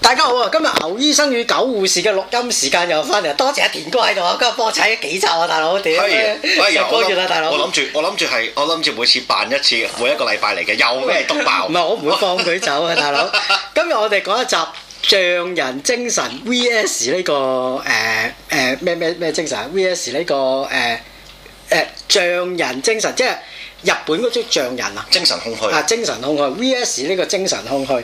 大家好啊！今日牛醫生與狗護士嘅錄音時間又翻嚟，多謝阿田哥喺度啊！今日播咗幾集啊，大佬，點！歡迎歡迎，多謝啦，大佬。我諗住，我諗住係，我諗住每次辦一次，每一個禮拜嚟嘅，又咩東爆？唔係， 我唔會放佢走啊 大佬。今日我哋講一集匠人精神 V S 呢、這個誒誒咩咩咩精神、啊、V S 呢、這個誒誒匠人精神，神，即係。日本嗰種匠人啊，精神空虛啊，精神空虛 VS 呢個精神空虛，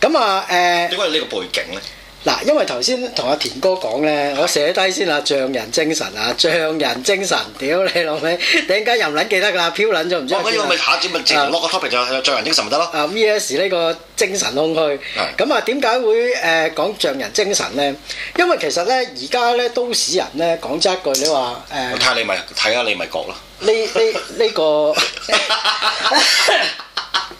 咁啊誒，點解有呢個背景咧？嗱，因為頭先同阿田哥講咧，我寫低先啦，匠人精神啊，匠人精神，屌你老味，突然間又唔撚記得㗎？飄撚咗唔知。我覺得咪下次咪落個 topic 就匠人精神咪 得咯。得啊，V S 呢個精神空虛。咁啊的，點解會誒講匠人精神咧？因為其實咧，而家咧都市人咧，講真一句，你話誒。睇、嗯、下你咪睇下你咪講咯。呢呢呢個。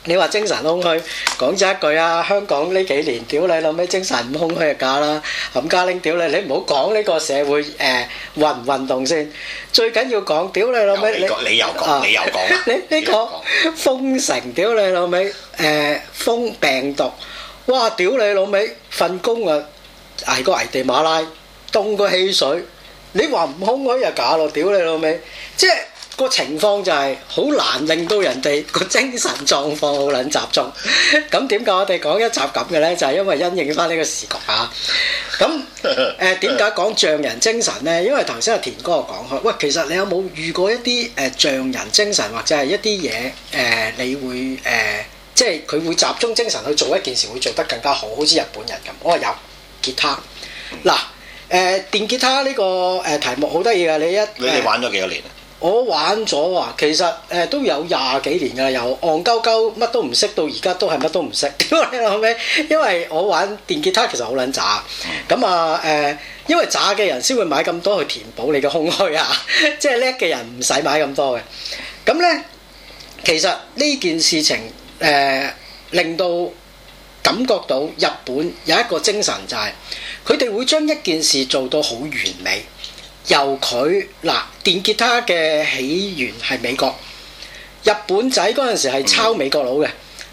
你話精神空虛，講咗一句啊！香港呢幾年屌你老味，精神唔空虛係假啦。冚家拎屌你，你唔好講呢個社會誒運唔運動先，最緊要講屌你老味你。你又講，你又講。你呢個封城屌你老味誒封病毒，哇屌你老味份工啊捱個捱地馬拉，凍個汽水，你話唔空虛又假咯，屌你老味，即係。個情況就係好難令到人哋個精神狀況好撚集中，咁點解我哋講一集咁嘅咧？就係、是、因為因應翻呢個時局啊！咁誒點解講匠人精神咧？因為頭先阿田哥又講開，喂，其實你有冇遇過一啲誒匠人精神，或者係一啲嘢誒，你會誒、呃，即係佢會集中精神去做一件事，會做得更加好，好似日本人咁。我話有吉他，嗱誒、呃、電吉他呢個誒題目好得意㗎，你一你哋、呃、玩咗幾多年？我玩咗啊，其實誒都有廿幾年噶啦，由憨鳩鳩乜都唔識到而家都係乜都唔識，點講咧好唔好？因為我玩電吉他其實好撚渣，咁啊誒，因為渣嘅人先會買咁多去填補你嘅空虛啊， 即係叻嘅人唔使買咁多嘅。咁呢，其實呢件事情誒、呃、令到感覺到日本有一個精神就係佢哋會將一件事做到好完美。由佢嗱，電吉他嘅起源係美國，日本仔嗰陣時係抄美國佬嘅，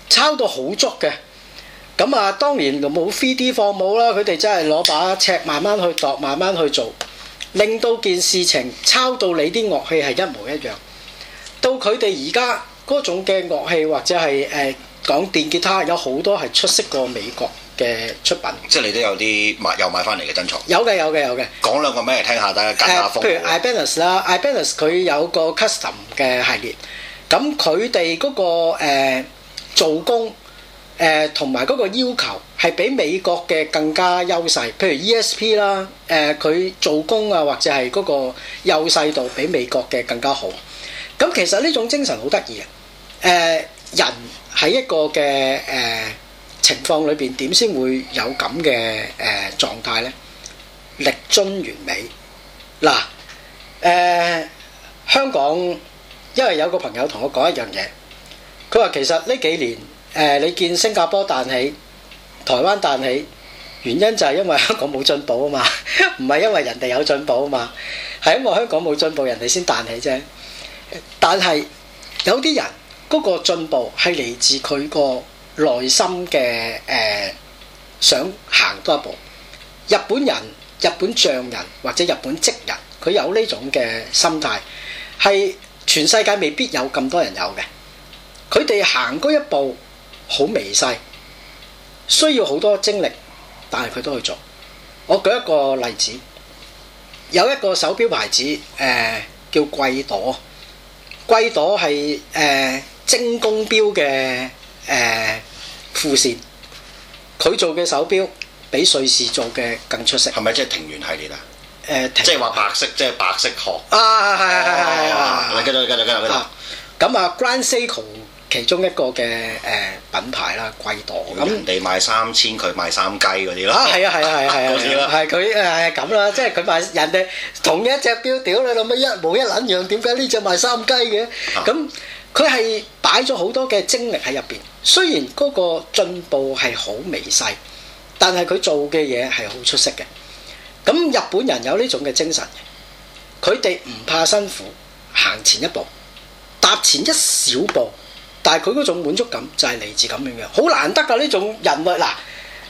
抄到好足嘅。咁啊，當然冇 3D 放冇啦，佢哋真係攞把尺慢慢去度，慢慢去做，令到件事情抄到你啲樂器係一模一樣。到佢哋而家嗰種嘅樂器或者係誒、呃、講電吉他，有好多係出色過美國。嘅出品，即係你都有啲買又買翻嚟嘅珍藏。有嘅有嘅有嘅，講兩個咩嚟聽下大家解下方。誒、啊，譬如 Ibanez 啦、啊，Ibanez 佢有個 custom 嘅系列，咁佢哋嗰個做、呃、工誒同埋嗰個要求係比美國嘅更加優勢。譬如 ESP 啦、呃，誒佢做工啊或者係嗰個優勢度比美國嘅更加好。咁其實呢種精神好得意嘅，誒、呃、人喺一個嘅誒。呃情況裏邊點先會有咁嘅誒狀態呢？力臻完美嗱誒、呃，香港因為有個朋友同我講一樣嘢，佢話其實呢幾年誒、呃，你見新加坡彈起、台灣彈起，原因就係因為香港冇進步啊嘛，唔 係因為人哋有進步啊嘛，係因為香港冇進步，人哋先彈起啫。但係有啲人嗰、嗰個進步係嚟自佢個。內心嘅誒、呃、想行多一步，日本人、日本匠人或者日本職人，佢有呢種嘅心態，係全世界未必有咁多人有嘅。佢哋行嗰一步好微細，需要好多精力，但係佢都去做。我舉一個例子，有一個手錶牌子誒、呃、叫貴朵，貴朵係誒、呃、精工錶嘅。誒富士，佢做嘅手錶比瑞士做嘅更出色。係咪即係庭園系列啊？誒，即係話白色，即係白色殼啊！係係係係。繼續咁啊，Grand Seiko 其中一個嘅誒品牌啦，貴檔咁。人哋賣三千，佢賣三雞嗰啲咯。啊，係啊，係啊，係啊，係啊，係佢誒咁啦，即係佢賣人哋同一隻表屌你老母一模一撚樣，點解呢隻賣三雞嘅？咁。佢係擺咗好多嘅精力喺入邊，雖然嗰個進步係好微細，但係佢做嘅嘢係好出色嘅。咁日本人有呢種嘅精神，佢哋唔怕辛苦，行前一步，踏前一小步，但係佢嗰種滿足感就係嚟自咁樣嘅。好難得噶呢種人物。嗱，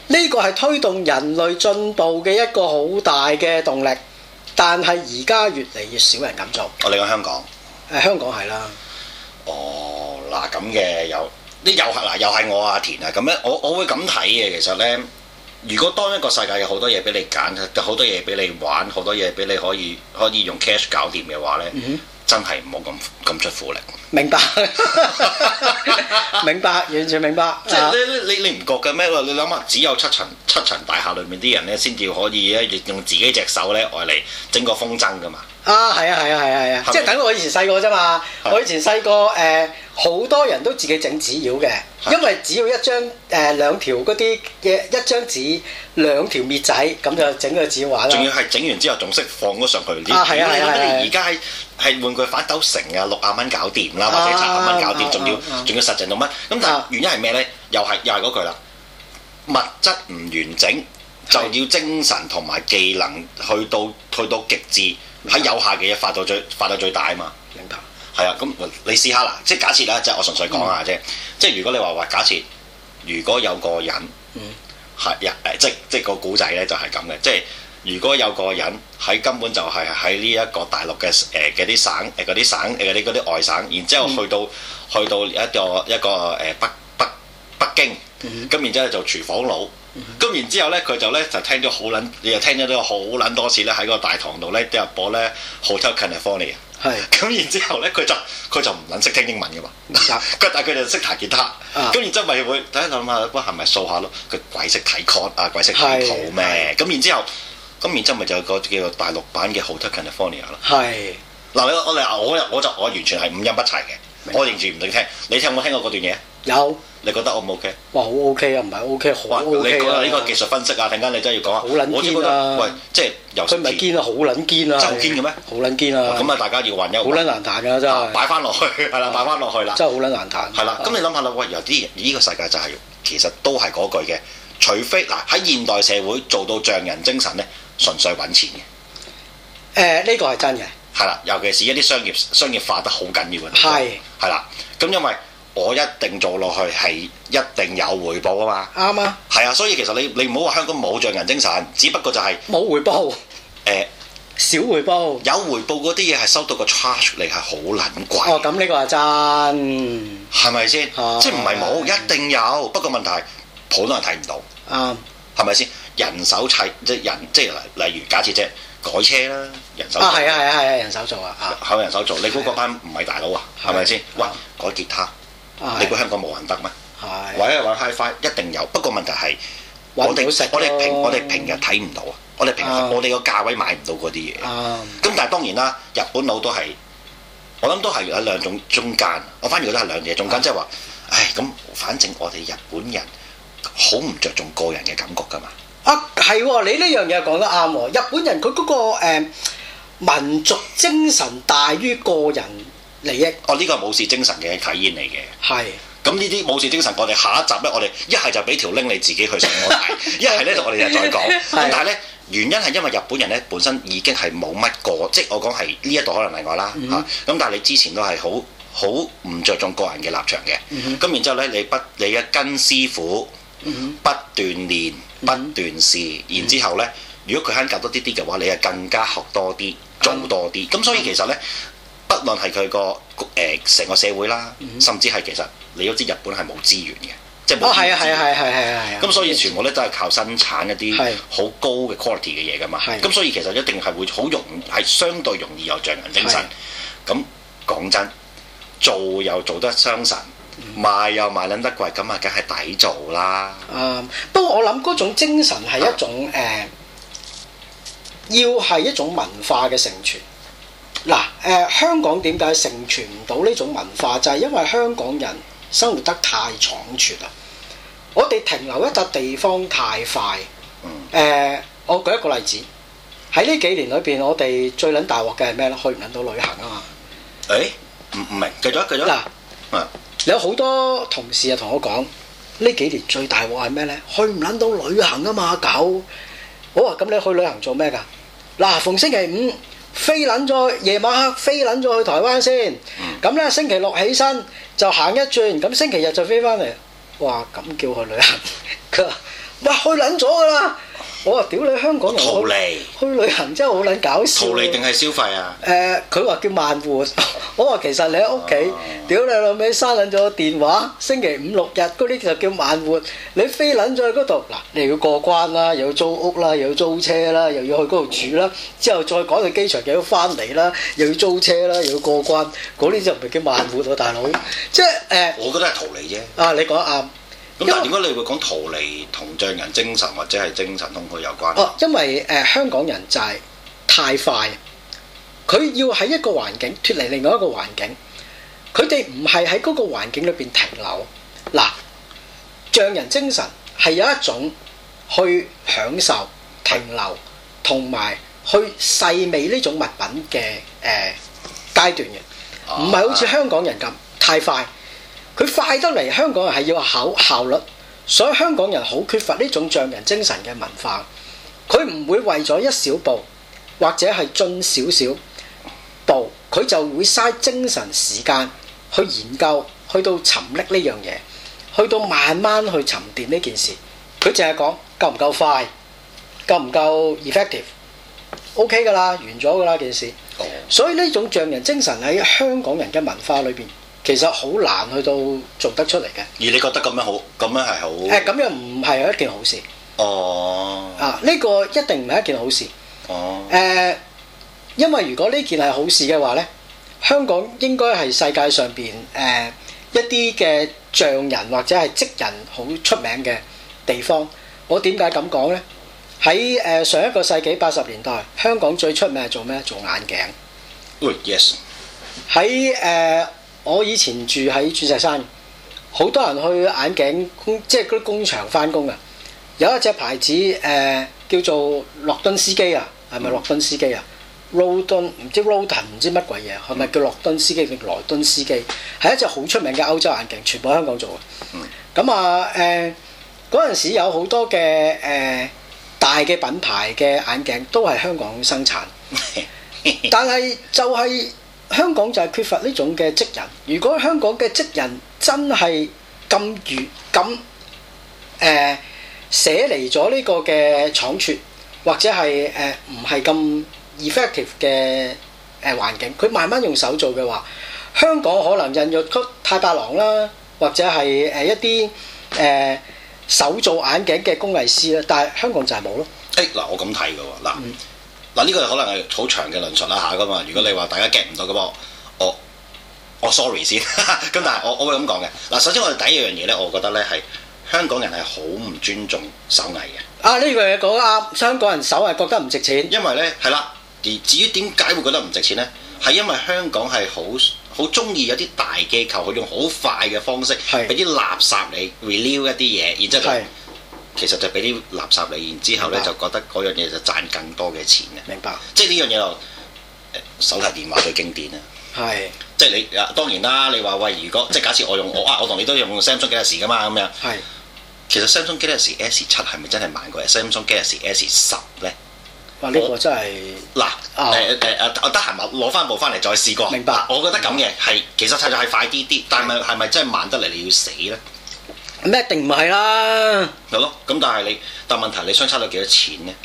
呢個係推動人類進步嘅一個好大嘅動力，但係而家越嚟越少人敢做。我哋講香港，誒、啊、香港係啦。哦，嗱咁嘅有啲遊客嗱，又係我啊田啊咁樣，我我會咁睇嘅。其實咧，如果當一個世界有好多嘢俾你揀，好多嘢俾你玩，好多嘢俾你可以可以用 cash 搞掂嘅話咧，嗯、哼真係唔好咁咁出苦力。明白， 明白，完全明白。即係 你你你唔覺嘅咩？你諗下，只有七層七層大廈裏面啲人咧，先至可以咧用自己隻手咧嚟整個風箏㗎嘛。啊，係啊，係啊，係啊，係啊，即係等我以前細個啫嘛。我以前細個誒好多人都自己整紙鷂嘅，因為只要一張誒兩條嗰啲嘅一張紙兩條篾仔咁就整個紙畫啦。仲要係整完之後仲識放咗上去。啊，係啊，係啊，而家係係玩具反斗城啊，六啊蚊搞掂啦，或者七啊蚊搞掂，仲要仲要實淨到乜咁？但係原因係咩咧？又係又係嗰句啦，物質唔完整。就要精神同埋技能去到去到極致，喺的有效嘅嘢發到最發到最大啊嘛！係啊白，咁你試下啦，即係假設咧，即係我純粹講下啫。嗯、即係如果你話話假設如果有個人，係啊誒，即即個古仔咧就係咁嘅。即係如果有個人喺根本就係喺呢一個大陸嘅誒啲省誒嗰啲省誒啲啲外省，然之後去到、嗯、去到一個一個誒北北北京，咁然之後就廚房佬、呃。咁、嗯、然之後咧，佢就咧就聽咗好撚，又聽咗都好撚多次咧喺個大堂度咧都入播咧《Hotel California 是》。咁然之後咧，佢就佢就唔撚識聽英文嘅嘛。佢錯但係佢哋識彈吉他。咁、啊、然之後咪會，第一諗下，屈行咪數下咯。佢鬼識睇曲啊，鬼識睇譜咩？咁然之後，咁然之後咪就有個叫做大陸版嘅是《Hotel California》啦。嗱，你嚟我我就我完全係五音不齊嘅，我完全唔識聽。你聽有冇聽過嗰段嘢？有。你覺得好唔好嘅？哇，好 OK 啊，唔係 OK，好 OK。你講呢個技術分析啊，突然間你真係要講啊。好撚堅啦！喂，即係由。佢咪堅啊！好撚堅啊！真堅嘅咩？好撚堅啊！咁啊，大家要運悠好撚難談㗎，真係。擺翻落去係啦，擺翻落去啦。真係好撚難談。係啦，咁你諗下啦，喂，有啲呢個世界就係其實都係嗰句嘅，除非嗱喺現代社會做到匠人精神咧，純粹揾錢嘅。誒，呢個係真嘅。係啦，尤其是一啲商業商業化得好緊要嘅。係。係啦，咁因為。我一定做落去，係一定有回報啊！嘛啱啊，係啊，所以其實你你唔好話香港冇匠人精神，只不過就係冇回報，誒少回報，有回報嗰啲嘢係收到個 charge 你係好撚貴。哦，咁呢個係真係咪先？即係唔係冇一定有，不過問題係普通人睇唔到啊，係咪先？人手砌即係人即係例例如假設即改車啦，人手啊係啊係啊係啊人手做啊，係人手做。你估嗰班唔係大佬啊？係咪先？喂，改吉他。你估香港冇人得咩？係的，玩一玩 hi-fi 一定有，不過問題係，我哋我哋平我哋平日睇唔到啊！我哋平日我哋個價位買唔到嗰啲嘢。咁、啊、但係當然啦，日本佬都係，我諗都係有一兩種中間。我反而覺得係兩嘢中間，即係話，唉，咁反正我哋日本人好唔着重個人嘅感覺㗎嘛。啊，係喎，你呢樣嘢講得啱喎。日本人佢嗰、嗰個、呃、民族精神大於個人。利益哦，呢個係武士精神嘅體現嚟嘅。係。咁呢啲武士精神，我哋下一集咧，我哋一係就俾條 link 你自己去睇，一係咧我哋就再講。但係咧，原因係因為日本人咧本身已經係冇乜個，即係我講係呢一度可能例外啦嚇。咁但係你之前都係好好唔着重個人嘅立場嘅。咁然之後咧，你不你一跟師傅不斷練，不斷試，然之後咧，如果佢肯教多啲啲嘅話，你係更加學多啲，做多啲。咁所以其實咧。不論係佢個誒成個社會啦，甚至係其實你都知日本係冇資源嘅，即係冇。哦，係啊，係啊，係啊，係啊，係啊。咁所以全部咧都係靠生產一啲好高嘅 quality 嘅嘢噶嘛。咁所以其實一定係會好容易，係相對容易有匠人精神。咁講真，做又做得傷神，賣又賣捻得貴，咁啊梗係抵做啦。啊，不過我諗嗰種精神係一種誒，要係一種文化嘅承傳。嗱，誒、呃、香港點解成全唔到呢種文化？就係、是、因為香港人生活得太倉促啦。我哋停留一笪地方太快。嗯、呃。我舉一個例子。喺呢幾年裏邊，我哋最撚大鑊嘅係咩咧？去唔撚到旅行啊嘛。誒、欸，唔唔明？繼續，繼續。嗱來，啊、有好多同事啊，同我講，呢幾年最大鑊係咩咧？去唔撚到旅行啊嘛，狗。好啊，咁你去旅行做咩噶？嗱，逢星期五。飛撚咗，夜晚黑飛撚咗去台灣先，咁咧、嗯、星期六起身就行一轉，咁星期日就飛返嚟，哇咁叫、 啊、了去旅行，佢話：哇去撚咗㗎啦！我話屌你，香港人逃離去旅行真係好撚搞笑。逃離定係消費啊？誒，佢話叫慢活。我話其實你喺屋企，屌你老味，刪撚咗電話。星期五六日嗰啲就叫慢活。你飛撚咗去嗰度，嗱，你又要過關啦，又要租屋啦，又要租車啦，又要去嗰度住啦，之後再趕去機場又要翻嚟啦，又要租車啦，又要過關。嗰啲就唔係叫慢活喎，大佬。即係誒，我覺得係逃離啫。啊，你講得啱。咁但係點解你會講逃離同匠人精神或者係精神痛苦有關？哦，因為誒、呃、香港人就係太快，佢要喺一個環境脫離另外一個環境，佢哋唔係喺嗰個環境裏邊停留。嗱，匠人精神係有一種去享受停留同埋的去細味呢種物品嘅誒、呃、階段嘅，唔係好似香港人咁的太快。佢快得嚟，香港人係要考效率，所以香港人好缺乏呢種匠人精神嘅文化。佢唔會為咗一小步或者係進少少步，佢就會嘥精神時間去研究，去到沉溺呢樣嘢，去到慢慢去沉澱呢件事。佢淨係講夠唔夠快，夠唔夠 effective，OK、okay、噶啦，完咗噶啦件事。所以呢種匠人精神喺香港人嘅文化裏邊其實好難去到做得出嚟嘅。而你覺得咁樣好，咁樣係好？誒、啊，咁樣唔係一件好事。哦。啊，呢、啊這個一定唔係一件好事。哦、啊。誒、啊，因為如果呢件係好事嘅話咧，香港應該係世界上邊誒、啊、一啲嘅匠人或者係職人好出名嘅地方。我點解咁講咧？喺誒、啊、上一個世紀八十年代，香港最出名係做咩？做眼鏡。Yes。喺、啊、誒。我以前住喺鑽石山，好多人去眼鏡工，即係嗰啲工場翻工啊！有一隻牌子誒、呃、叫做諾頓斯基啊，係咪諾頓斯基啊？Roden 唔知 Roden 唔知乜鬼嘢，係咪叫諾頓斯基，叫萊頓斯基？係一隻好出名嘅歐洲眼鏡，全部喺香港做嘅。咁、嗯、啊誒，嗰、呃、陣時有好多嘅誒、呃、大嘅品牌嘅眼鏡都係香港生產，但係就係、係。 香港就係缺乏呢種嘅職人。如果香港嘅職人真係咁如咁誒寫嚟咗呢個嘅搶奪，或者係誒唔係咁 effective 嘅誒環境，佢慢慢用手做嘅話，香港可能引入太白狼啦，或者係誒一啲誒、呃、手做眼鏡嘅工藝師啦，但係香港就係冇咯。誒嗱、哎，我咁睇㗎喎嗱。嗱，呢個可能係好長嘅論述啦，嚇噶嘛，如果你話大家 get 唔到嘅噃，我我 sorry 先， 咁但係我我會咁講嘅。嗱，首先我哋第一樣嘢咧，我覺得咧係香港人係好唔尊重手藝嘅。啊，呢樣嘢講得啱，香港人手藝覺得唔值錢。因為咧係啦，而至於點解會覺得唔值錢咧，係因為香港係好好中意有啲大機構去用好快嘅方式，係俾啲垃圾嚟 renew 一啲嘢，然之後，就是其實就俾啲垃圾嚟，然之後咧白就覺得嗰樣嘢就賺更多嘅錢嘅。明白。即係呢樣嘢，手提電話最經典啊。係是。即係你啊，當然啦！你話喂、欸，如果即係假設我用你我啊，我同你都用 Samsung Galaxy 嘅嘛咁樣。係。其實 Samsung Galaxy S 七係咪真係慢過 Samsung Galaxy S 十咧？哇！呢個真係嗱誒誒我得閒咪攞翻部翻嚟再試過。明白。我覺得咁嘅係，其實就係快啲啲，但係係咪真係慢得嚟你要死咧？咩定唔係啦？係咯，咁但係你，但問題你相差咗幾多錢咧？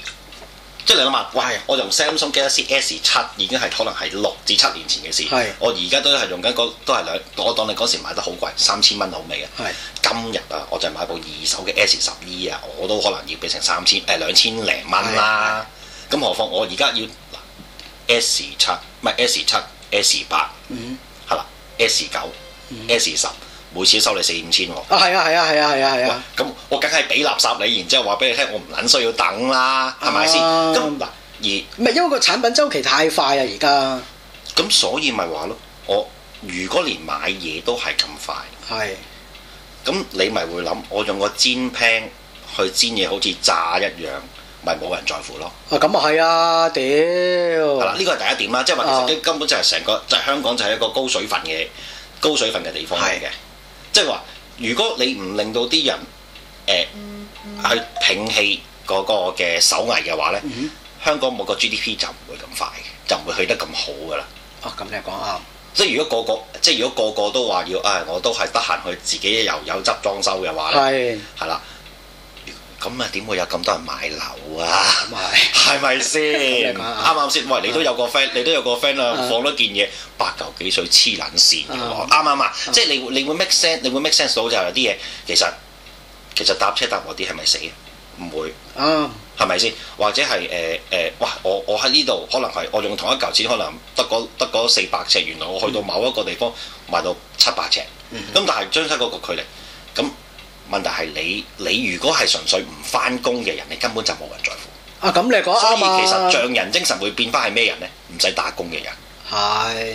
即係你諗下，喂，我用 Samsung Galaxy S 七，已經係可能係六至七年前嘅事。是我而家都係用緊嗰，都係兩，我當你當時買得好貴，三千蚊好未啊？是今日啊，我就買部二手嘅 S 十 E 啊，我都可能要俾成三千，誒、呃、兩千零蚊啦。咁是何況我而家要 S 七，唔係 S 七，S 八、嗯，係啦，S 九，S 十、嗯。 S 10, 每次收你四五千喎。啊，係啊，係啊，係啊，係啊，係啊。咁我梗係俾垃圾你，然之後話俾你聽，我唔撚需要等啦，係咪先？咁嗱、啊，而唔係因為，因為個產品周期太快啊，而家。咁所以咪話咯，我如果連買嘢都係咁快，係是。咁你咪會諗，我用個煎 pan 去煎嘢，好似炸一樣，咪冇人在乎咯。啊，咁啊係啊，屌。係啦、嗯，呢個係第一點啦，即係話其實根本就係成個就係、是、香港就係一個高水分嘅高水分嘅地方嚟嘅。是即係話，如果你唔令到啲人誒、呃嗯嗯、去摒棄嗰個嘅、那個、手藝嘅話咧，嗯、香港冇個 GDP 就唔會咁快，就唔會去得咁好㗎喇。哦，咁你講啱。即係如果個個，即、就、係、是、如果個個都話要，唉、哎，我都係得閒去自己又有，有執裝修嘅話咧，係的，係啦。咁啊，點會有咁多人買樓啊？係咪先？啱啱先？喂，你都有個 friend，你都有個 friend 啊，放咗件嘢，八嚿幾水黐撚線，啱啱啊，即係你會你會 make sense，你會 make sense 到就係有啲嘢，其實其實搭車搭嗰啲係咪死？唔會，係咪先？或者係誒誒，哇！我我喺呢度，可能係我用同一嚿錢，可能得嗰得四百尺，原來我去到某一個地方賣到七百尺，咁但係將出嗰個距離咁。問題係你，你如果係純粹唔翻工嘅人，你根本就冇人在乎。啊，咁你講，所以其實匠人精神會變翻係咩人咧？唔使打工嘅人。係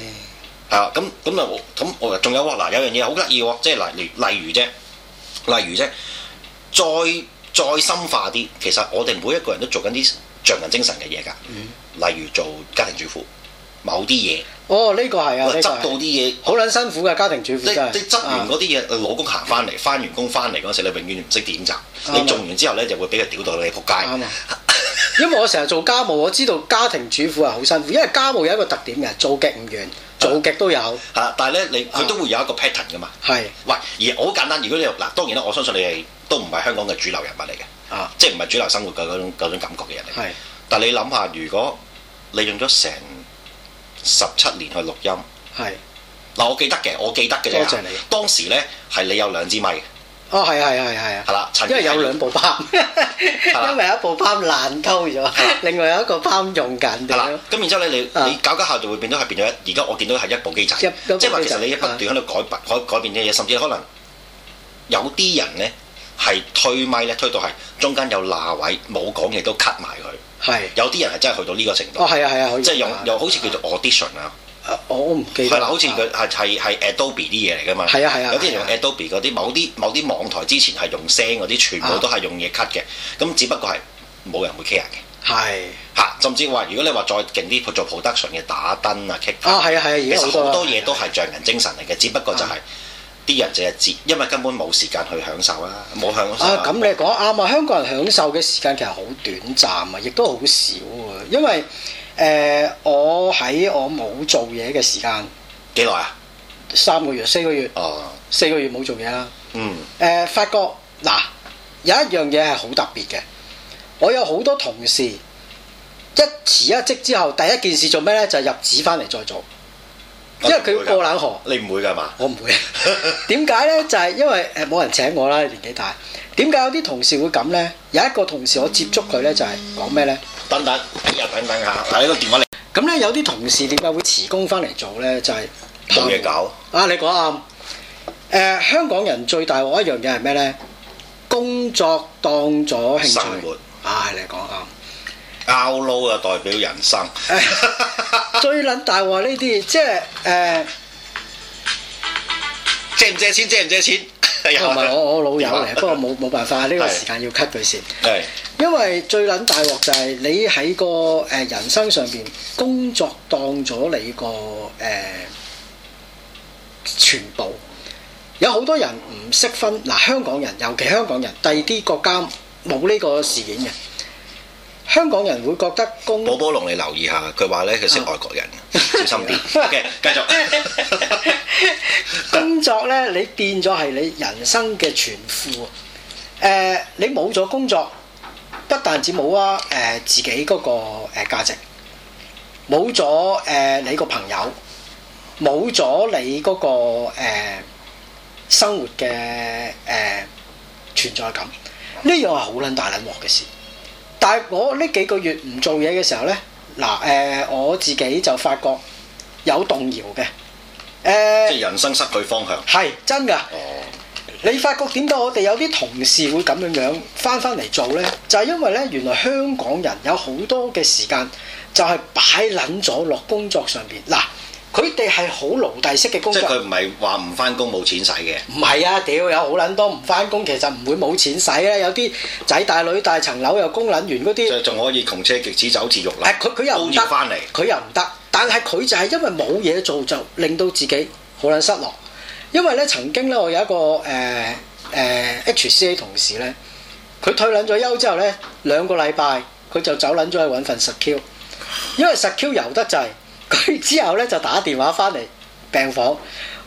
是 啊，咁咁啊，咁我仲有喎嗱，有樣嘢好得意喎，即係例例例如啫，例如啫，再再深化啲，其實我哋每一個人都做緊啲匠人精神嘅嘢㗎。嗯。例如做家庭主婦，某啲嘢。哦，呢、這個係啊，執、啊、到啲嘢好撚辛苦嘅家庭主婦，即係執完嗰啲嘢，嗯、老公行翻嚟，翻完工翻嚟嗰時，你永遠唔識點執，嗯、你做完之後咧就會俾佢屌到你仆街。嗯嗯、 因為我成日做家務，我知道家庭主婦係好辛苦，因為家務有一個特點嘅，做極唔完，做極都有。係、啊、但係咧你佢都會有一個 pattern 噶嘛。係、嗯。喂，而好簡單，如果你嗱，當然啦，我相信你係都唔係香港嘅主流人物嚟嘅啊，即係唔係主流生活嘅嗰種嗰種感覺嘅人嚟。是但係你諗下，如果你用咗成十七年去錄音，係嗱，我記得嘅，我記得嘅啫。你。當時咧，係你有兩支咪。哦，係啊，係啊，係啊。係啦，因為有兩部拋，因為一部拋爛溝咗，另外有一個拋用緊。係咁，然之後咧，你你搞搞下就會變咗，係變咗。而家我見到係一部機仔，即係話其實你不斷喺度改、改、改變嘅嘢，甚至可能有啲人咧係推咪咧，推到係中間有罅位，冇講嘢都 cut 埋佢。係，有啲人係真係去到呢個程度。哦，係啊，係啊，即係用，又好似叫做 audition 啊。我唔記得。係啦，好似佢係係係 Adobe 啲嘢嚟㗎嘛。係啊係啊。有啲人用 Adobe 嗰啲，某啲某啲網台之前係用聲嗰啲，全部都係用嘢 cut 嘅。咁只不過係冇人會 care 嘅。係。嚇，甚至話，如果你話再勁啲，佢做 production 嘅打燈啊，kick 啊，係啊係啊，其實好多嘢都係匠人精神嚟嘅，只不過就係。啲人就係節，因為根本冇時間去享受啦。冇享受啊！咁、啊、你講啱啊！香港人享受嘅時間其實好短暫啊，亦都好少啊。因為誒、呃，我喺我冇做嘢嘅時間幾耐啊？三個月、四個月，哦，四個月冇做嘢啦。嗯。誒、呃，發覺嗱，有一樣嘢係好特別嘅。我有好多同事一辭一職之後，第一件事做咩咧？就係、入紙翻嚟再做。因為佢要過冷河你，你唔會㗎嘛？我唔會。點解咧？就係、是、因為誒冇人請我啦，年紀大。點解有啲同事會咁咧？有一個同事我接觸佢咧，就係講咩咧？等等，哎呀等等嚇，呢個電話嚟。咁咧有啲同事點解會辭工翻嚟做咧？就係偷嘢搞！啊，你講啊？誒、呃，香港人最大鑊一樣嘢係咩咧？工作當咗興趣。生活啊，係你講啊。拗撈啊，代表人生 最撚大鑊呢啲，即係誒、呃、借唔借錢借唔借錢？唔係 又、啊、我我老友嚟，不過冇冇辦法，呢、呢個時間要 cut 佢先。係是是因為最撚大鑊就係你喺個誒人生上邊工作當咗你個誒、呃、全部，有好多人唔識分嗱、呃，香港人尤其香港人，第二啲國家冇呢個事件嘅。香港人會覺得工……寶寶龍，你留意下，佢話咧，佢識外國人，小心啲。OK，繼續。工作咧，你變咗係你人生嘅全副。誒、呃，你冇咗工作，不但止冇啊誒自己嗰個誒價值，冇咗誒你個朋友，冇咗你嗰個、呃、生活嘅誒、呃、存在感，呢樣係好撚大撚鑊嘅事。但係我呢幾個月唔做嘢嘅時候咧，嗱誒、呃，我自己就發覺有動搖嘅，誒、呃，即係人生失去方向，係真㗎。哦、你發覺點解我哋有啲同事會咁樣樣返返嚟做咧？就係、是、因為咧，原來香港人有好多嘅時間就係擺撚咗落工作上邊嗱。佢哋係好奴隸式嘅工作，即係佢唔係話唔翻工冇錢使嘅。唔係啊，屌有好撚多唔翻工，其實唔會冇錢使啊！有啲仔大女大，層樓又供撚完嗰啲，仲可以窮奢極侈走自慾流。佢佢、啊、又唔得，佢又唔得，但係佢就係因為冇嘢做，就令到自己好撚失落。因為咧，曾經咧，我有一個誒誒、呃呃、H C A 同事咧，佢退撚咗休之後咧，兩個禮拜佢就走撚咗去揾份 secure，因為 secure 油得滯。佢 之後咧就打電話翻嚟病房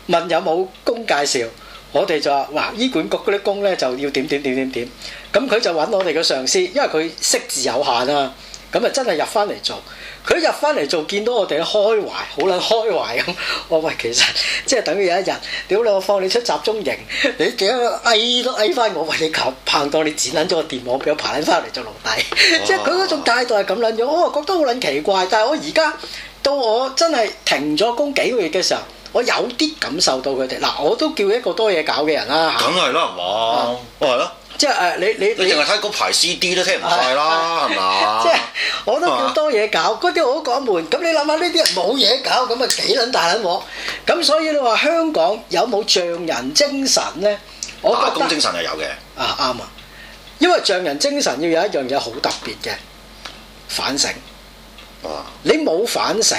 問有冇工介紹，我哋就話：哇！醫管局嗰啲工咧就要點點點點點。咁佢就揾我哋嘅上司，因為佢識字有限啊。咁啊真係入翻嚟做，佢入翻嚟做見到我哋開懷，好撚開懷咁。我話其實即係等於有一日，屌你我放你出集中營，你幾多偽都偽翻我，我話你靠，到你剪撚咗個電話俾我爬撚翻嚟做奴隸。即係佢嗰種態度係咁撚咗，我覺得好撚奇怪。但係我而家。到我真係停咗工幾個月嘅時候，我有啲感受到佢哋嗱，我都叫一個多嘢搞嘅人啦，梗係啦，係嘛？我係咯。即係誒，你你你，你淨係睇嗰排 CD 都聽唔晒啦，係嘛、啊？即係吧我都叫多嘢搞，嗰啲吧我都講悶。咁你諗下，呢啲人冇嘢搞，咁咪幾撚大撚鑊？咁所以你話香港有冇匠人精神咧？啊、我覺得工精神又有嘅。啊啱啊，因為匠人精神要有一樣嘢好特別嘅反省。你冇反省，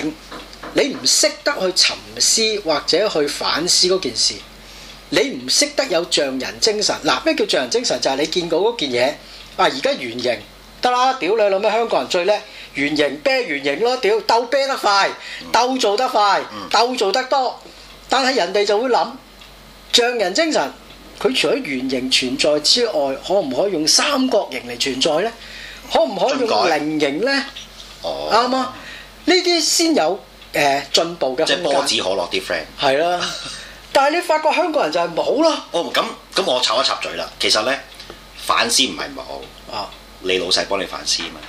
你唔識得去沉思或者去反思嗰件事，你唔識得有匠人精神。嗱、啊、咩叫匠人精神？就係、是、你見過嗰件嘢啊！而家圓形得啦，屌你諗咩？香港人最叻，圓形啤圓形咯，屌鬥啤得快，鬥做得快，鬥做得多，但係人哋就會諗匠人精神。佢除咗圓形存在之外，可唔可以用三角形嚟存在呢？可唔可以用菱形呢？啱啊！呢啲先有誒、呃、進步嘅空間。即係波子可樂啲 friend。係啦，但係你發覺香港人就係冇咯。哦，咁咁我插一插嘴啦。其實咧反思唔係冇啊。你老細幫你反思啊嘛。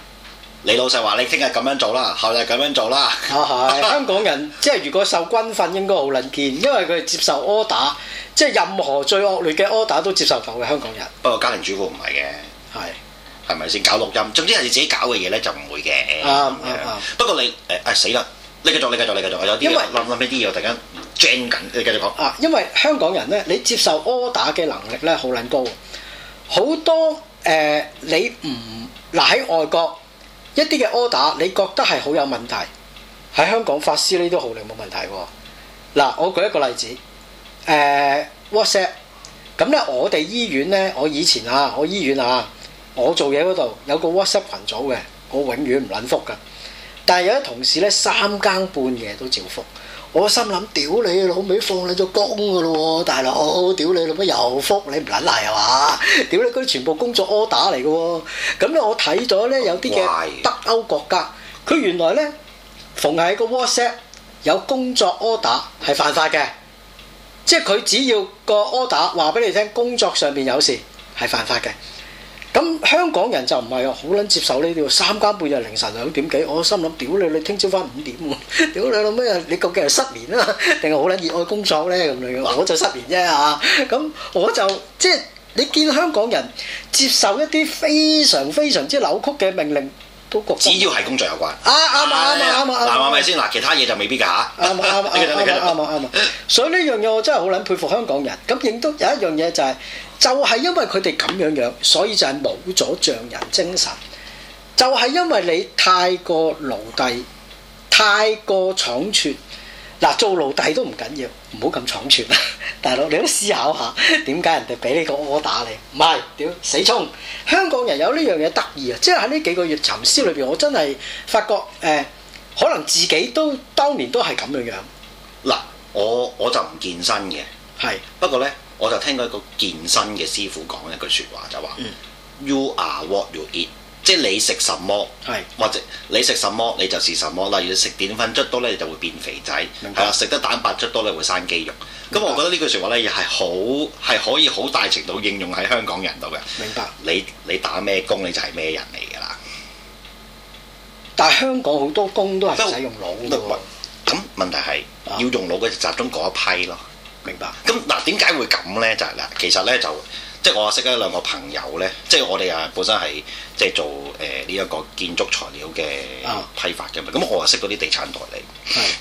老你老細話你聽日咁樣做啦，後日咁樣做啦。啊，啊香港人即係 如果受軍訓應該好能見，因為佢接受 order，即係任何最惡劣嘅 order 都接受到嘅香港人。不過、啊啊、家庭主婦唔係嘅。係。係咪先搞錄音？總之係你自己搞嘅嘢咧，就唔會嘅。啊啊啊！樣啊不過你誒啊、哎、死啦！你繼續，你繼續，你繼續。我有啲因為諗諗呢啲嘢，突然間 jam 緊。你繼續講啊！因為香港人咧，你接受 order 嘅能力咧好撚高。好多誒、呃，你唔嗱喺外國一啲嘅 order，你覺得係好有問題。喺香港發司呢都好嚟冇問題喎。嗱、呃，我舉一個例子誒、呃、WhatsApp 咁咧，我哋醫院咧，我以前啊，我醫院啊。我做嘢嗰度有個 WhatsApp 群組嘅，我永遠唔撚覆㗎。但係有啲同事咧，三更半夜都照覆，我心諗屌你老味，放你做工㗎咯喎，大佬，屌你老味又覆你唔撚嚟係嘛？屌你居然全部工作 order 嚟嘅喎，咁咧我睇咗咧，有啲嘅德歐國家，佢原來咧，逢係個 WhatsApp 有工作 order 係犯法嘅，即係佢只要個 order 話俾你聽，工作上邊有事係犯法嘅。香港人就唔係好撚接受呢啲三更半日凌晨兩點幾，我心諗屌你，你聽朝翻五點喎，屌你老咩啊？你究竟係失眠啊，定係好撚熱愛工作咧咁樣？我就失眠啫嚇，咁我就即係你見香港人接受一啲非常非常之扭曲嘅命令都覺得，只要係工作有關。啊啱啱啱啱啱啱。嗱，係咪先？嗱，其他嘢就未必㗎嚇。啱啊啱啊啱啊啱。所以呢樣嘢我真係好撚佩服香港人。咁亦都有一樣嘢就係。就係因為佢哋咁樣樣，所以就係冇咗匠人精神。就係、是、因為你太過奴隸、太過搶奪。嗱，做奴隸都唔緊要，唔好咁搶奪啦，大佬。你都思考下，點解人哋俾你個柯打你？唔係， 屌死充！香港人有呢樣嘢得意啊！即係喺呢幾個月沉思裏邊，我真係發覺誒、呃，可能自己都當年都係咁樣樣。嗱，我我就唔健身嘅，係是不過咧。我就聽過一個健身嘅師傅講一句説話，就話：You are what you eat，即係你食什麼，或者你食什麼，你就是什麼。例如你食澱粉質多咧，你就會變肥仔；係啦，食得蛋白質多咧，會生肌肉。咁我覺得呢句説話咧，係好係可以好大程度應用喺香港人度嘅。明白。你你打咩工，你就係咩人嚟㗎啦。但係香港好多工都係唔使用腦㗎喎。咁問題係要用腦嘅集中嗰一批咯。明白，咁嗱點解會咁咧？就係嗱，其實咧就即係我識得兩個朋友咧，即係我哋啊本身係即係做誒呢一個建築材料嘅批發嘅嘛。咁我啊識到啲地產代理，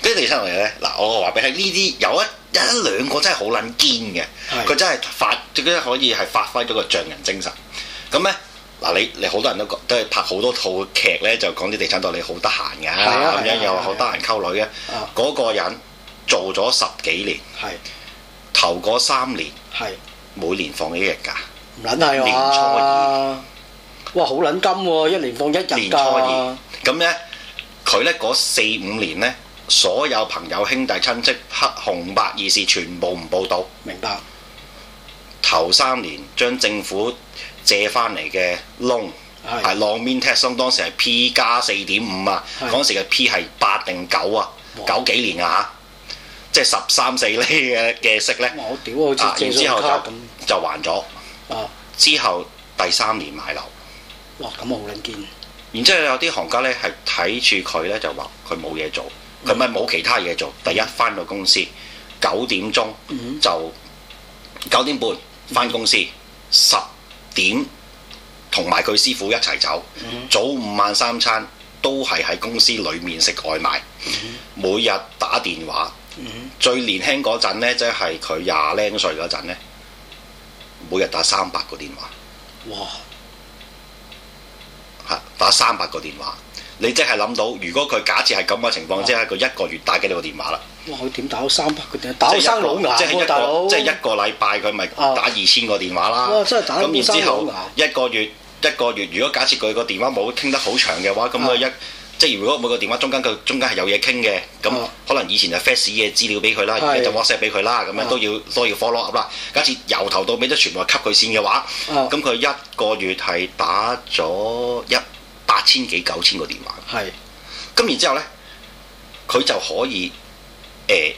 啲地產代理咧嗱，我話俾你聽，呢啲有一一兩個真係好撚堅嘅，佢真係發可以係發揮咗個匠人精神。咁咧嗱，你你好多人都講都係拍好多套劇咧，就講啲地產代理好得閒嘅，咁樣又好得閒溝女嘅，嗰個人做咗十幾年。頭嗰三年係是每年放一日假，唔捻係嘛？年初二，哇，好捻金喎、啊！一年放一日，年初二。咁咧，佢咧嗰四五年咧，所有朋友兄弟親戚黑紅白二事全部唔報到。明白。頭三年將政府借翻嚟嘅窿，係浪面踢鬆，當時係 P 加四點五啊，嗰是時嘅 P 係八定九啊，哇九幾年啊嚇。即係十三四厘嘅嘅息咧，啊，然之後就就還咗。哦、之後第三年買樓，哇，咁好撚堅。然之後有啲行家咧係睇住佢咧，就話佢冇嘢做，佢咪冇其他嘢做。嗯、第一返到公司九點鐘、嗯、就九點半返公司，十點、嗯、同埋佢師傅一齊走，嗯、早午晚三餐都係喺公司裏面食外賣，嗯、每日打電話。嗯、最年輕嗰陣咧，即係佢廿零歲嗰陣咧，每日打三百個電話。哇！嚇，打三百個電話，你即係諗到，如果佢假設係咁嘅情況，啊、即係佢一個月打幾多個電話啦？哇！佢點打三百個電話？打生老牙喎，即係一個、即係一個禮拜佢咪打二千個電話啦。咁、啊啊、真係打生老牙。然之後一個月一個月，如果假設佢個電話冇傾得好長嘅話，咁佢一、啊即係如果每個電話中間佢中間係有嘢傾嘅，咁可能以前係 fax 嘅資料俾佢啦，而家就 WhatsApp 俾佢啦，咁樣都要都的要 follow up 啦。假設由頭到尾都全部係吸佢線嘅話，咁佢的一個月係打咗一八千幾九千個電話，咁的然之後咧，佢就可以誒。呃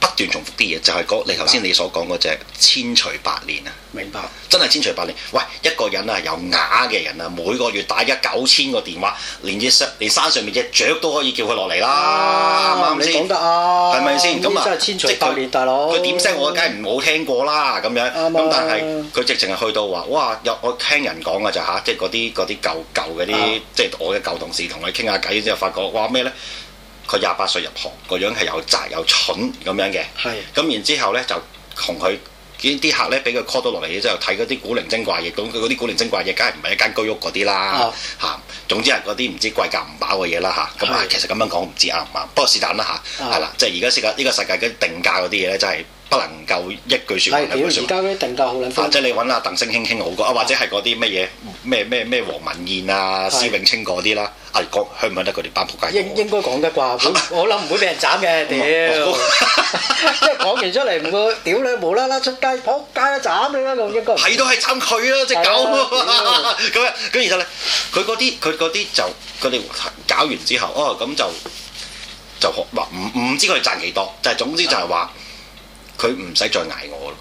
不斷重複啲嘢就係、嗰、你頭先你所講嗰隻千錘百鍊啊！明白，真係千錘百鍊。喂，一個人啊，有啞嘅人啊，每個月打一九千個電話，連隻連山上面隻雀都可以叫佢落嚟啦，啱啱、啊、是你講得啊，係咪先？咁啊，即係大佬？佢點聲我梗係冇聽過啦。咁樣咁但係佢直情係去到話哇，有我聽人講噶就嚇，即係嗰啲啲舊舊嗰啲、啊、即係我嘅舊同事同佢傾下偈之後發覺哇咩咧？佢廿八歲入行，個樣係有窒有蠢咁樣嘅。係。咁然之後咧，就同佢見啲客咧，俾佢 call 到落嚟之後，睇嗰啲古靈精怪嘢，咁佢嗰啲古靈精怪嘢，梗係唔係一間居屋嗰啲啦。啊。嚇。總之係嗰啲唔知貴價唔飽嘅嘢啦嚇。係。咁啊，其實咁樣講唔知啱唔啱？不過是但啦嚇。係啦。即係而家識啊！呢、啊就是、個世界嘅定價嗰啲嘢咧，真係～不能夠一句説話。嗱，如果而家定價好撚，啊，你揾阿鄧星興傾好過，啊，或者係嗰啲乜嘢咩咩咩黃文燕啊、蕭永清嗰啲啦，啊，講香唔香得佢哋班撲街？應應該講得啩？我我諗唔會俾人斬嘅。屌，即係講完出嚟，唔會屌你無啦啦出街撲街你應該對啊斬你啦咁樣。係都係斬佢啦，隻狗 。咁樣跟住之後咧，佢嗰啲佢嗰啲就佢哋搞完之後，哦咁就就學唔唔知佢哋賺幾多，但係總之就係話。 佢唔使再挨我咯，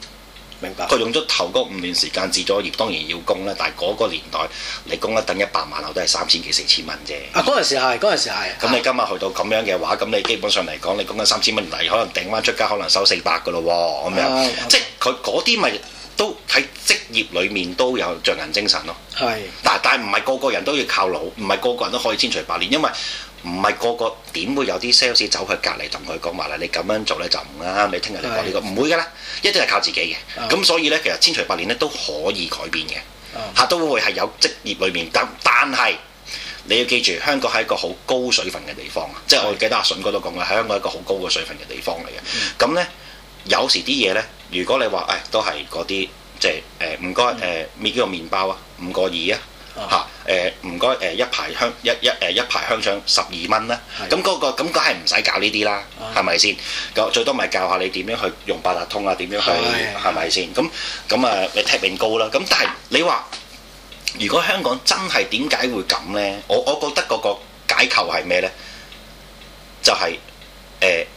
明白。佢用咗頭嗰五年時間，置咗業當然要供咧。但係嗰個年代你供一等一百萬我都係三千幾四千蚊啫。啊，嗰陣時係，嗰陣時係。咁你今日去到咁樣嘅話，咁你基本上嚟講，你供緊三千蚊，可能頂翻出家，可能收四百噶咯喎。咁樣，啊、即係佢嗰啲咪都喺職業裡面都有匠人精神咯。係是。嗱，但係唔係個個人都要靠腦，唔係個個人都可以千錘百煉，因為。唔係個個點，會有啲 sales 走去隔籬同佢講話啦？你咁樣做咧就唔啱，你聽日嚟講呢個唔是的 會㗎啦，一定係靠自己嘅。咁、嗯、所以咧，其實千錘百煉咧都可以改變嘅，嚇、嗯、都會係有職業裏面咁。但係你要記住，香港係一個好高水分嘅地方啊！是的 即係我記得阿順哥都講啦，喺香港一個好高嘅水分嘅地方嚟嘅。咁咧是的 有時啲嘢咧，如果你話誒、哎、都係嗰啲即係誒唔該誒，咩叫做麵包2，啊，啊？五個二啊嚇！誒唔該誒一排香一一誒一排香腸十二蚊啦，咁嗰的、嗰個咁梗係唔使教呢啲啦，係咪先？咁、啊、最多咪教下你點樣去用八達通啊？點樣去係咪先？咁咁啊，你的、呃、踢命高啦！咁但係你話，如果香港真係點解會咁咧？我我覺得嗰個解構係咩咧？就係、是、誒。呃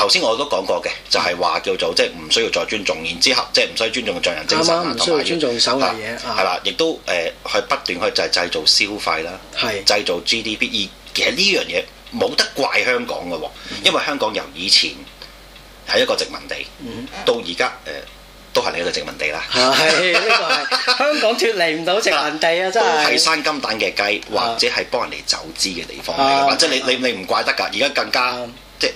頭先我都講過嘅，就係、是、話叫做即係唔需要再尊重，然之後即係唔需要尊重嘅匠人精神啊，同埋尊重手藝嘅嘢，係啦，亦都誒係、呃、不斷去製造是製造消費啦，係製造 GDP。而其實呢樣嘢冇得怪香港嘅喎，因為香港由以前係一個殖民地，嗯、到而家誒都係一個殖民地啦。係呢、啊這個係 香港脫離唔到殖民地啊，真係。睇生金蛋嘅雞，或者係幫人哋走資嘅地方嚟嘅，即係、啊啊、你你你唔怪不得㗎。而家更加即係。就是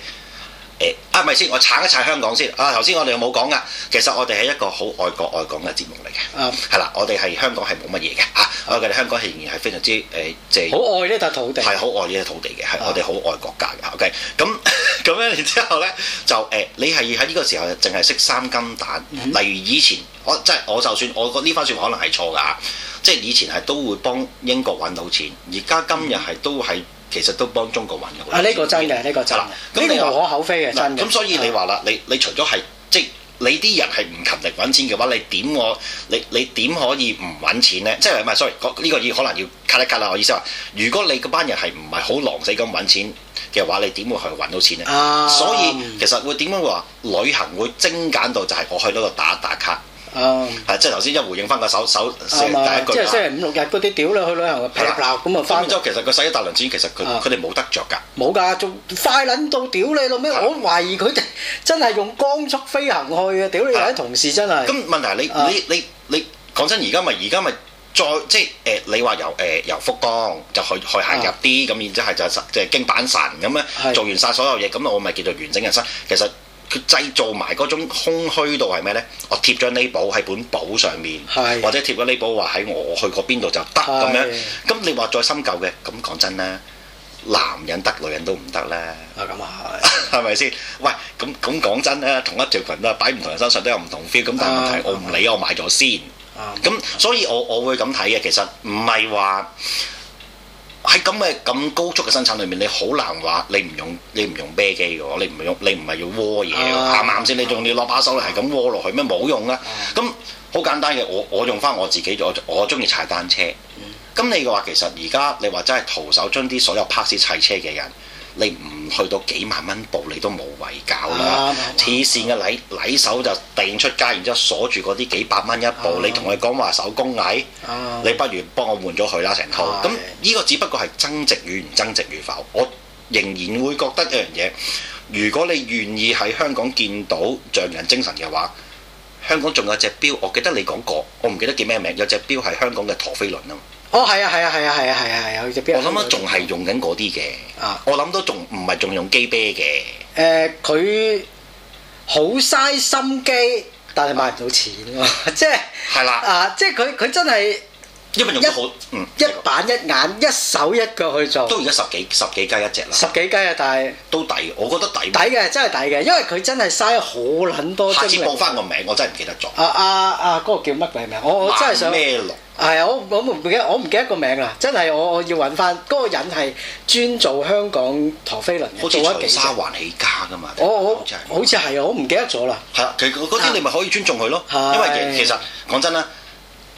誒、欸、啊，唔係先，我撐一撐香港先。啊，頭先我哋有冇講噶？其實我哋係一個好愛國愛港嘅節目嚟嘅、啊。啊，係啦，我哋係香港係冇乜嘢嘅嚇。我哋香港仍然係非常之誒，即係好愛呢笪土地，係好愛呢笪土地嘅，係、啊、我哋好愛國家嘅。OK，咁咁咧，然之後咧就誒、呃，你係喺呢個時候淨係識三金蛋。嗯、哼例如以前，我即係、就是、我就算我呢番説話可能係錯㗎，即、就、係、是、以前係都會幫英國揾到錢，而家今日係都係。嗯其實都幫中國揾嘅，啊呢、這個真嘅，呢、這個真，咁你無可厚非嘅真嘅。咁、嗯、所以你話啦是的，你除你除咗係即係你啲人係唔勤力揾錢嘅話，你點我你你點可以唔揾錢咧？即係唔係？sorry，呢個要可能要卡一卡啦。我意思話，如果你嗰班人係唔係好狼死咁揾錢嘅話，你點會去揾到錢咧？啊、所以其實會點樣話旅行會精簡到就係我去嗰度打一打卡。啊！係、uh, 即係頭先一回應翻個首首寫第一句即係、uh, 星期五六日嗰啲屌你去旅行，啪啪咁啊翻。今朝其實佢十一大良村其實佢佢哋冇得着㗎。冇㗎，仲快撚到屌你老咩？我懷疑佢哋真係用光速飛行去啊。屌你啊！同事真係。咁問題你、uh, 你你你講真，而家咪而家咪再即係誒？你話、就是呃、由誒、呃、由福岡就去去行入啲咁，uh, 然之後係就即係經板神咁咧，做完晒所有嘢咁，我咪叫做完整人生。其實。佢製造埋嗰種空虛度係咩呢？我貼咗呢簿喺本簿上面，是或者貼咗呢簿話喺我去過邊度就得咁是樣。咁你話再深究嘅，咁講真呢，男人得，女人都唔得呢？咁啊，係，係咪先？喂，咁咁講真呢，同一條裙都係擺唔同人身上都有唔同 feel。咁但係問題，啊啊、我唔理，啊、我買咗先。咁、啊啊、所以我我會咁睇嘅，其實唔係話。喺咁嘅咁高速嘅生產裏面，你好難話你唔用你唔用孭機嘅喎，你唔用你唔係要窩嘢嘅，啱啱先？你仲要攞把手嚟係咁窩落去咩？冇用嘅。咁好、啊、簡單嘅，我我用翻我自己，我我中意踩單車。咁、嗯、你嘅話，其實而家你話真係徒手將啲所有拍攝砌車嘅人。你唔去到幾萬蚊步，你都冇位搞。啦、啊。黐線嘅禮禮手就掟出街，然之後鎖住嗰啲幾百蚊一步，啊、你同佢講話手工藝，啊、你不如幫我換咗佢啦，成套。咁呢、啊這個只不過係增值與唔增值與否，我仍然會覺得一樣嘢。如果你願意喺香港見到匠人精神嘅話，香港仲有隻表，我記得你講過，我唔記得叫咩名，有隻表係香港嘅陀飛輪啊。哦，係啊、uh, uh, really，係啊，係啊，係啊，係啊，佢隻啤。我諗都仲係用緊嗰啲嘅。啊，我諗都仲唔係仲用機啤嘅。誒，佢好嘥心機，但係買唔到錢咯，即係。係啦。啊，即係佢佢真係。因為用得好，嗯，一板一眼，一手一腳去做，都而家十幾十幾雞一隻啦，十幾雞啊，但係都抵，我覺得抵，抵嘅真係抵嘅，因為佢真係嘥好撚多精力。下次報翻個名，我真係唔記得咗。阿阿阿嗰個叫乜鬼名？我我真係想咩龍？係啊，我我唔記，我唔記得個名啦。真係我我要揾翻嗰個人係專做香港陀飛輪做咗幾隻，好似沙環起家㗎嘛？我好似係啊，我唔記得咗啦。係啊，其實嗰啲你咪可以尊重佢咯，因為其實講真啦。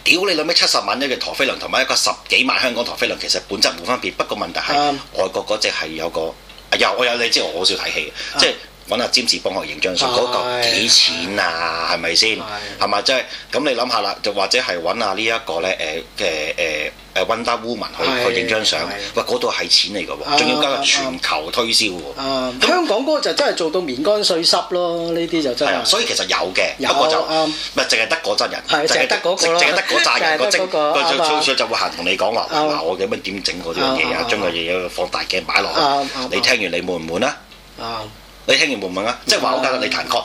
屌你老尾，七十萬一嘅陀飛輪同埋一個十幾萬香港陀飛輪，其實本質冇分別，不過問題係，um, 外國嗰隻係有個，有我有你知我好少睇戲，um. 即係。揾阿詹士幫我影張相，嗰個幾錢啊？係咪先？係咪即係咁？你諗下啦，就或者係揾下呢一個咧？誒嘅誒誒 Wonder Woman 去去影張相。喂，嗰度係錢嚟㗎喎，仲要加個全球推銷喎。啊，香港嗰個就真係做到綿乾碎濕咯，呢啲就真係。所以其實有嘅，有個就唔係淨係得嗰扎人，淨係得嗰淨淨係得嗰扎人個精個最就會行同你講話，話我點樣點整嗰啲嘢啊，將個嘢放大鏡擺落去，你聽完你悶唔悶啊？啊！你聽完會唔明啊？即係話我教你彈曲，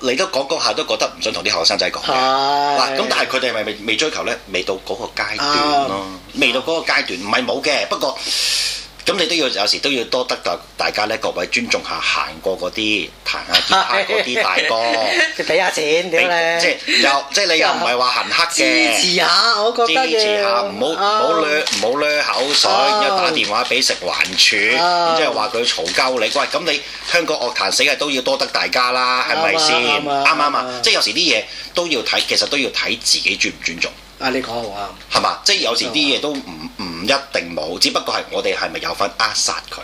你都講講下都覺得唔想同啲後生仔講嘅。嗱咁是，但係佢哋係咪未未追求咧？未到嗰個階段咯。未到嗰個階段，唔係冇嘅，不過。咁你都要有時都要多得大大家咧，各位尊重下行過嗰啲彈下吉他嗰啲大哥，俾下錢點咧？即係又即係你又唔係話行黑嘅，支持下我覺得嘅，支持下唔好唔好瀨唔好瀨口水，然後打電話俾食環署，然之後話佢嘈鳩你，喂咁你香港樂壇死係都要多得大家啦，係咪先？啱唔啱啊？即係有時啲嘢都要睇，其實都要睇自己尊唔尊重。啊！你講好啱，係嘛？即係有時啲嘢都唔唔一定冇，只不過係我哋係咪有份扼殺佢？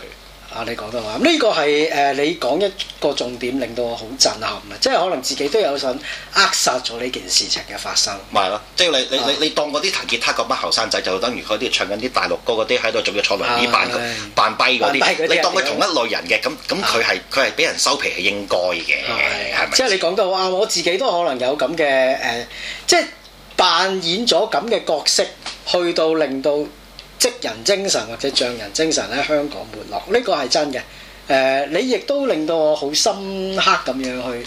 啊！你講得好啱，呢個係誒你講一個重點，令到我好震撼啊！即係可能自己都有想扼殺咗呢件事情嘅發生。咪咯，即係你你你你當嗰啲彈吉他嗰乜後生仔，就等於嗰啲唱緊啲大陸歌嗰啲，喺度仲要坐輪椅扮扮跛啲，你當佢同一類人嘅，咁咁佢係佢係俾人收皮係應該嘅，係咪？即係你講得好啱，我自己都可能有咁嘅誒，即係。扮演咗咁嘅角色，去到令到職人精神或者匠人精神喺香港沒落，呢、這個係真嘅。誒、呃，你亦都令到我好深刻咁樣去誒、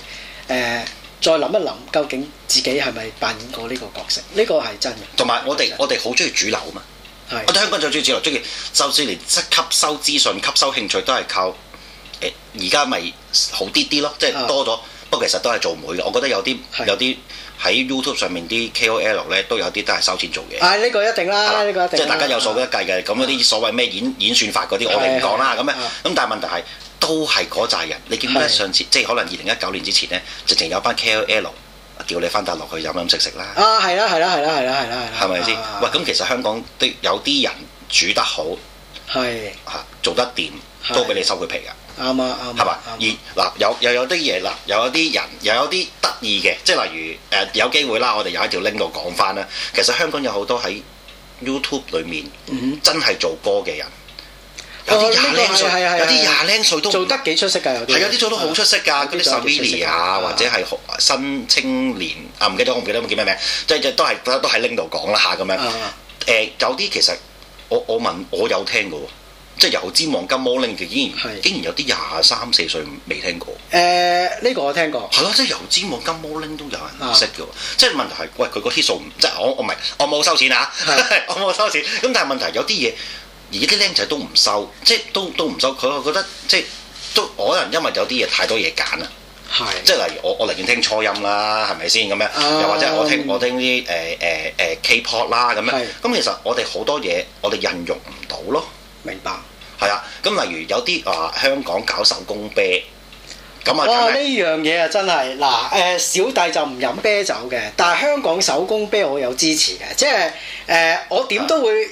呃，再諗一諗，究竟自己係咪扮演過呢個角色？呢、這個係真嘅。同埋我哋，我哋好中意主流啊嘛。的我哋香港就中意主流，中意，就算連即，使即使吸收資訊、吸收興趣都係靠誒，而家咪好啲啲咯，即係多咗。的不過其實都係做唔會嘅。我覺得有啲有啲。的喺 YouTube 上面啲 KOL 咧都有啲都係收錢做嘅。啊，呢個一定啦，呢個一定。即係大家有數一計嘅，咁嗰啲所謂咩演演算法嗰啲，我哋唔講啦，咁咩？咁但係問題係都係嗰扎人，你見唔見上次？即係可能二零一九年之前咧，直情有班 KOL 調你翻大陸去飲飲食食啦。啊，係啦，係啦，係啦，係啦，係啦，係啦。係咪先？喂，咁其實香港都有啲人煮得好，係嚇做得掂，都俾你收佢皮㗎！啱啊啱，係嘛？而嗱有又有啲嘢又有啲人又有啲得意嘅，即係例如誒有機會啦，我哋有一條 link 度講翻啦。其實香港有好多喺 YouTube 裏面真係做歌嘅人，有啲廿零歲，有啲廿零歲都做得幾出色㗎。係啊，有啲做得好出色㗎，嗰啲 Sammy 啊，或者係新青年啊，唔記得我唔記得叫咩名，即係都係都喺 link 度講啦嚇咁樣。誒有啲其實我我問我有聽㗎即係《油脂望金魔靈》，其實竟然竟然有啲廿三四歲未聽過。誒、欸，呢、這個我聽過。係咯，即 係樂《就是、油脂望金魔靈》都有人識嘅。啊、即係問題係，喂，佢個 hit 數即係我我唔係我冇收錢啊！是的 我冇收錢。咁但係問題有啲嘢而家啲僆仔都唔收，即係都都唔收。佢我覺得即係都可能因為有啲嘢太多嘢揀啊。係。是的 即係例如我我寧願聽初音啦、啊，係咪先咁樣？又或者我聽、啊嗯、我聽啲誒誒誒 K-Pop 啦咁樣。咁的其實我哋好多嘢，我哋引用唔到咯。明白，係啊，咁例如有啲啊香港搞手工啤，咁啊呢樣嘢啊真係嗱誒小弟就唔飲啤酒嘅，但係香港手工啤我有支持嘅，即係誒、呃、我點都會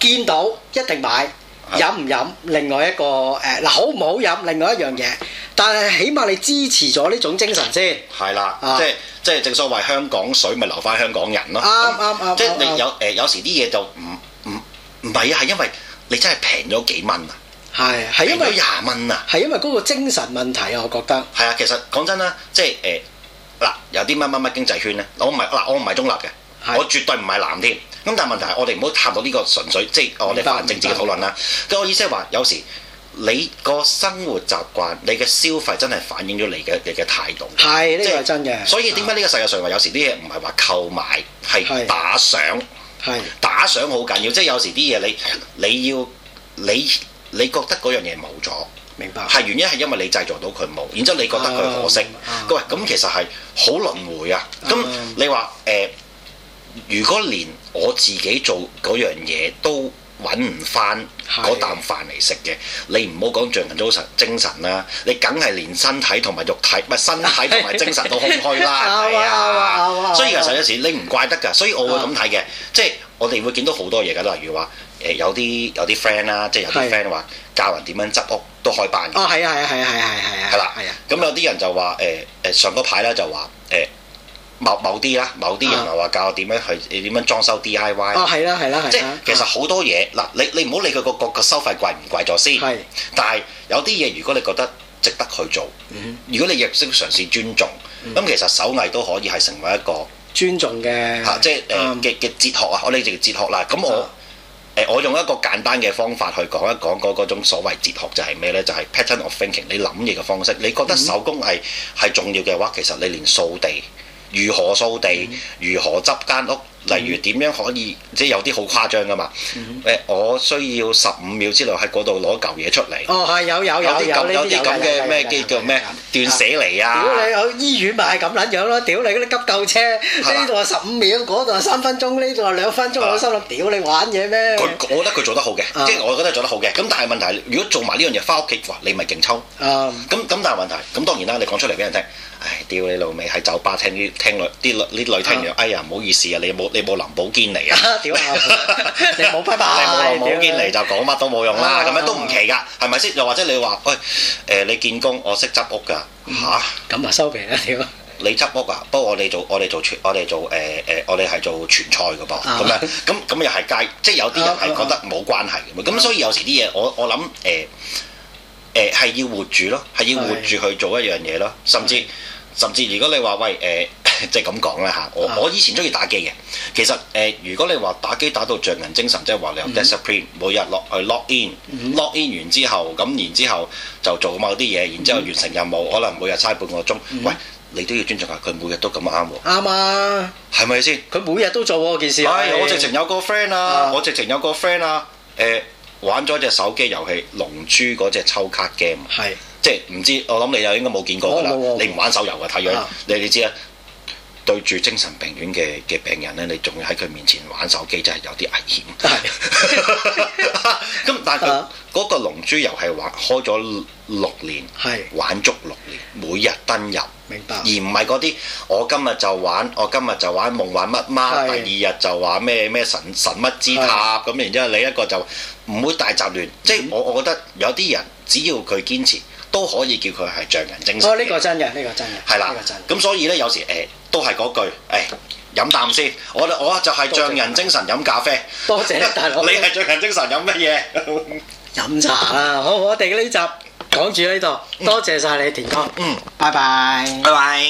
見到是一定買的飲唔飲，另外一個誒嗱、呃、好唔好飲，另外一樣嘢，但係起碼你支持咗呢種精神先，係啦的、啊，即係即係正所謂香港水咪留翻香港人咯，啱啱啱，即係你有誒有時啲嘢就唔唔唔係啊，係因為。你真係平咗幾蚊啊！係係是因為廿蚊啊！係因為嗰個精神問題啊，我覺得係啊。其實講真啦，即係誒嗱，有啲乜乜乜經濟圈咧，我唔係嗱，我唔係中立嘅，是我絕對唔係藍添。咁但係問題係，我哋唔好探到呢個純粹，即係我哋辦政治嘅討論啦。咁我意思係話，有時你個生活習慣、你嘅消費，真係反映咗你嘅嘅態度。係呢個係真嘅。所以點解呢個世界上話，有時啲嘢唔係話購買，係打賞。是係打賞好緊要，即係有時啲嘢你你要你你覺得嗰樣嘢冇咗，明白？係原因係因為你製造到佢冇，然之後你覺得佢可惜。喂、啊，咁其實係好輪迴啊！咁你話誒、呃，如果連我自己做嗰樣嘢都。揾唔翻嗰啖飯嚟食嘅，你唔好講匠人精神啦，你梗係連身體同埋肉體，唔係身體同埋精神都空虛啦，係 啊，啊啊啊啊所以其實有時你唔怪不得噶，所以我會咁睇嘅，哦、即係我哋會見到好多嘢噶，例如話誒、呃、有啲有啲 friend 啦，即係有啲 friend 話教人點樣執屋都開班。哦，係啊，係啊，係啊，係啊，係啊，係啦，係啊，咁有啲人就話誒誒上嗰排啦就話誒。呃某某啲啦，某啲人又話教我點樣去點樣裝修 DIY，啊。哦，係啦，係啦，係即的其實好多嘢嗱、啊，你你唔好理佢個個個收費貴唔貴咗先。係的。但係有啲嘢，如果你覺得值得去做，嗯、如果你亦識嘗試尊重，咁、嗯、其實手藝都可以係成為一個尊重嘅。嚇、啊，即係誒嘅嘅哲學啊！我哋就哲學啦。咁我誒、嗯呃、我用一個簡單嘅方法去講一講嗰種所謂哲學就係咩咧？就係、是、pattern of thinking，你諗嘢嘅方式。你覺得手工藝係重要嘅話，其實你連掃地。如何掃地，如何執間屋，例如點樣可以，即係有啲好誇張噶嘛？誒，我需要十五秒之內喺嗰度攞嚿嘢出嚟。哦，係有有有有啲咁嘅咩機叫咩斷捨離啊！如果你，有醫院咪係咁撚樣咯？屌你嗰啲急救車，呢度係十五秒，嗰度係三分鐘，呢度係兩分鐘，我心諗屌你玩嘢咩？佢，我覺得佢做得好嘅，即係我覺得做得好嘅。咁但係問題如果做埋呢樣嘢翻屋企嘅話，你咪勁抽。啊，咁咁，但係問題，咁當然啦，你講出嚟俾人聽。屌、哎、你老味，喺酒吧聽啲聽女啲啲女，女聽完，啊、哎呀唔好意思啊，你冇你冇林寶堅尼啊，屌你冇不拜，林寶堅尼就講乜都冇用啦，咁樣都唔奇噶，係咪先？又或者你話，喂、哎，誒、呃、你見工，我識執屋噶嚇，咁啊、嗯、就收皮啦屌！啊、你執屋啊，不過我哋做我哋做，做、呃呃、做全我哋做誒誒，我哋係做傳菜噶噃，咁樣咁咁又係街，即係有啲人係覺得冇關係嘅，咁、啊啊、所以有時啲嘢我我諗誒誒係要活住咯，係要活住去做一樣嘢咯，甚至、啊。啊甚至如果你話喂誒，即係咁講啦嚇，我、啊、我以前中意打機嘅。其實誒、呃，如果你話打機打到匠人精神，即係話你有 discipline，嗯、哼每日落去 login，login 完之後咁，然之後就做某啲嘢，然之後完成任務，嗯、哼可能每日花半個鐘。嗯、哼喂，你都要尊重下佢每日都咁啱喎。啱啊、嗯哼，係咪先？佢每日都做嗰件事啊！我直情有個 friend 啊，嗯、哼我直情有個 friend 啊，誒、呃，玩咗隻手機遊戲《龍珠》嗰隻抽卡 game。係是。即係唔知，我諗你又應該冇見過㗎啦。你唔玩手遊㗎，睇樣。你的你知啦，對住精神病院嘅嘅病人咧，你仲要喺佢面前玩手機，真係有啲危險。係。咁但係嗰個龍珠遊係玩開咗六年，的玩足六年，每日登入。明白。而唔係嗰啲，我今日就玩，我今日就玩夢幻乜媽，第二日就話咩咩神神乜之塔咁，的的然之後你一個就唔會大雜亂。即係我 我覺得有啲人只要佢堅持，都可以叫佢係匠人精神。哦，呢、這個真嘅，呢、這個真嘅，係啦的，呢個真。咁所以呢，嗯、有時誒、呃，都係嗰句誒，飲啖先。我我就係匠人精神飲咖啡。多謝， 多謝大佬。 你係匠人精神飲乜嘢？飲 茶啦！好，我哋呢集講住呢度，嗯、多謝晒你，田哥。嗯，拜拜。拜拜。